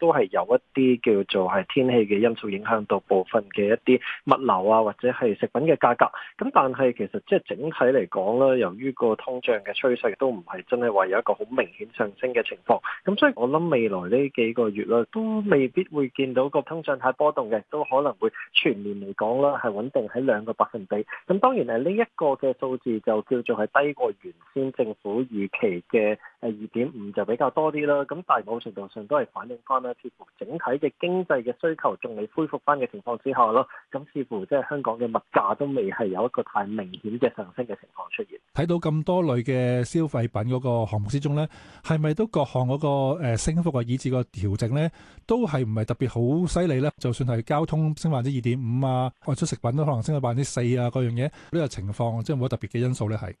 都係有一啲叫做係天氣嘅因素影響到部分嘅一啲物流啊，或者係食品嘅價格。咁但係其實即係整體嚟講啦，由於個通脹嘅趨勢都唔係真係話有一個好明顯上升嘅情況。咁所以我諗未來呢幾個月啦都未必會見到個通脹太波動嘅，都可能會全年嚟講啦係穩定喺兩個百分比。咁當然係呢一個嘅數字就叫做係低過原先政府預期嘅係二點五就比較多啲啦。咁大部分程度上都係反映翻。似乎整體嘅經濟嘅需求仲未恢復翻嘅情況之下咯，咁似乎即係香港嘅物價都未係有一個太明顯嘅上升嘅情況出現。睇到咁多類嘅消費品嗰個項目之中咧，係咪都各項嗰、那個、呃、升幅啊、以至個調整咧，都係唔係特別好犀利咧？就算係交通升百分之二點五啊，外出食品都可能升到百分之四啊，嗰樣嘢呢個情況，即係冇特別嘅因素咧，係。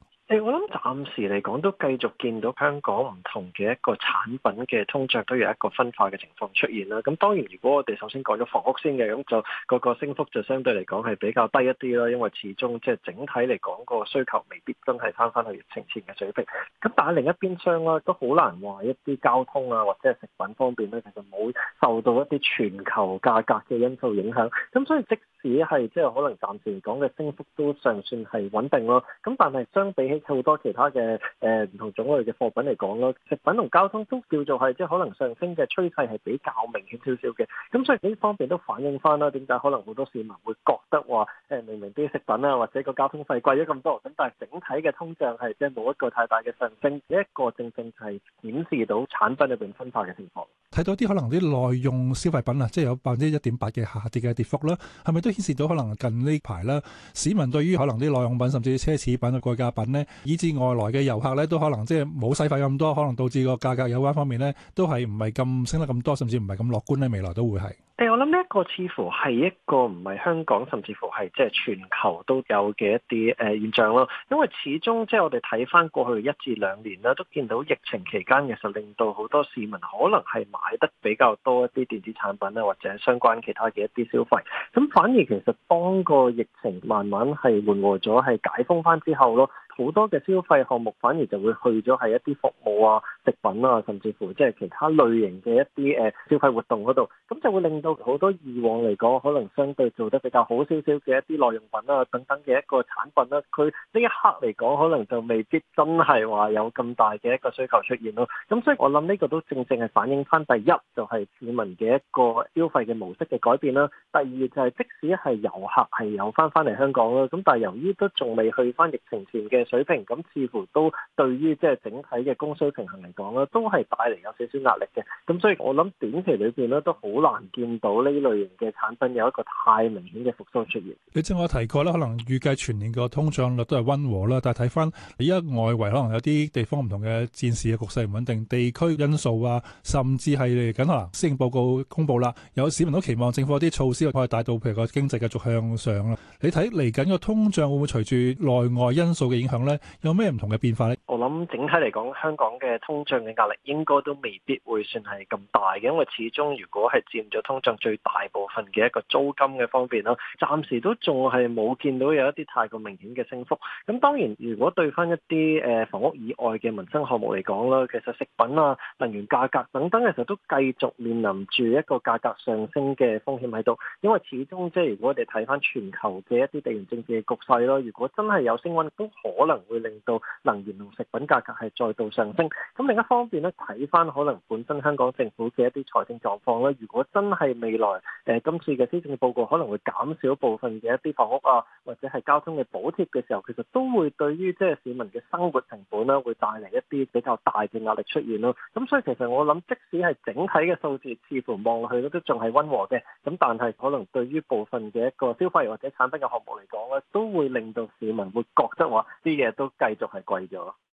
我。暫時嚟講都繼續見到香港唔同嘅一個產品嘅通脹都有一個分化嘅情況出現啦。咁當然，如果我哋首先講咗房屋先嘅，咁就個個升幅就相對嚟講係比較低一啲啦，因為始終即係、就是、整體嚟講個需求未必真係翻翻去疫情前嘅水平。咁但係另一邊廂啦，都好難話一啲交通啊或者係食品方面咧，其實冇受到一啲全球價格嘅因素影響。咁所以即使係即係可能暫時嚟講嘅升幅都尚算係穩定咯。咁但係相比起好多。其他嘅誒唔同種類嘅貨品嚟講咯，食品同交通都叫做係即係可能上升嘅趨勢係比較明顯少少嘅。咁所以呢方面都反映翻啦，點解可能好多市民會覺得話誒明明啲食品啊或者個交通費貴咗咁多，咁但係整體嘅通脹係即係冇一個太大嘅上升。呢一個正正係顯示到產品入邊分化嘅情況。睇到啲可能啲耐用消費品啊，即係有百分之一點八嘅下跌嘅跌幅啦，係咪都顯示到可能近呢排啦，市民對於可能啲耐用品甚至奢侈品啊貴價品咧，以致外來嘅遊客咧，都可能即係冇使費咁多，可能導致個價格有關方面咧，都係唔係咁升得咁多，甚至唔係咁樂觀咧，未來都會係。誒，我諗呢一個似乎係一個唔係香港，甚至乎係即係全球都有嘅一啲誒、呃、現象咯。因為始終即係我哋睇翻過去一至兩年啦，都見到疫情期間其實令到好多市民可能係買得比較多一啲電子產品呀，或者相關其他嘅一啲消費。咁反而其實當個疫情慢慢係緩和咗，係解封翻之後咯。好多嘅消費項目反而就會去咗係一啲服務啊、食品啊，甚至乎即係其他類型嘅一啲誒消費活動嗰度，咁就會令到好多以往嚟講可能相對做得比較好少少嘅一啲耐用品啊等等嘅一個產品啦、啊，佢呢一刻嚟講可能就未必真係話有咁大嘅一個需求出現咯。咁所以我諗呢個都正正係反映翻第一就係、是、市民嘅一個消費嘅模式嘅改變啦，第二就係即使係遊客係有翻翻嚟香港啦，咁但係由於都仲未去翻疫情前嘅水平，咁似乎都對於即係整體嘅供需平衡嚟講咧，都係帶嚟有少少壓力嘅。咁所以我諗短期裏邊咧，都好難見到呢類型嘅產品有一個太明顯嘅復甦出現。你正話提過啦，可能預計全年個通脹率都係溫和啦。但係睇翻而家外圍可能有啲地方唔同嘅戰事嘅局勢唔穩定，地區因素啊，甚至係嚟緊可能施政報告公佈啦，有市民都期望政府啲措施可以帶到譬如個經濟繼續向上啦。你睇嚟緊個通脹會唔會隨住內外因素嘅影響？有咩唔同嘅變化呢？我諗整體嚟講，香港嘅通脹嘅壓力應該都未必會算係咁大嘅，因為始終如果係佔咗通脹最大部分嘅一個租金嘅方面咯，暫時都仲係冇見到有一啲太過明顯嘅升幅。咁當然，如果對翻一啲誒房屋以外嘅民生項目嚟講咧，其實食品啊、能源價格等等嘅時候都繼續面臨住一個價格上升嘅風險喺度。因為始終即係如果我哋睇翻全球嘅一啲地緣政治嘅局勢咯，如果真係有升溫都可。可能會令到能源同食品價格係再度上升。咁另一方面咧，睇返可能本身香港政府嘅一啲財政狀況咧，如果真係未來今次嘅施政報告可能會減少部分嘅一啲房屋啊，或者係交通嘅補貼嘅時候，其實都會對於即係市民嘅生活成本咧、啊，會帶嚟一啲比較大嘅壓力出現咯。咁所以其實我諗，即使係整體嘅數字似乎望落去咧，都仲係溫和嘅。咁但係可能對於部分嘅一個消費或者產品嘅項目嚟講咧，都會令到市民會覺得話。啲嘢都繼續係貴咗囉。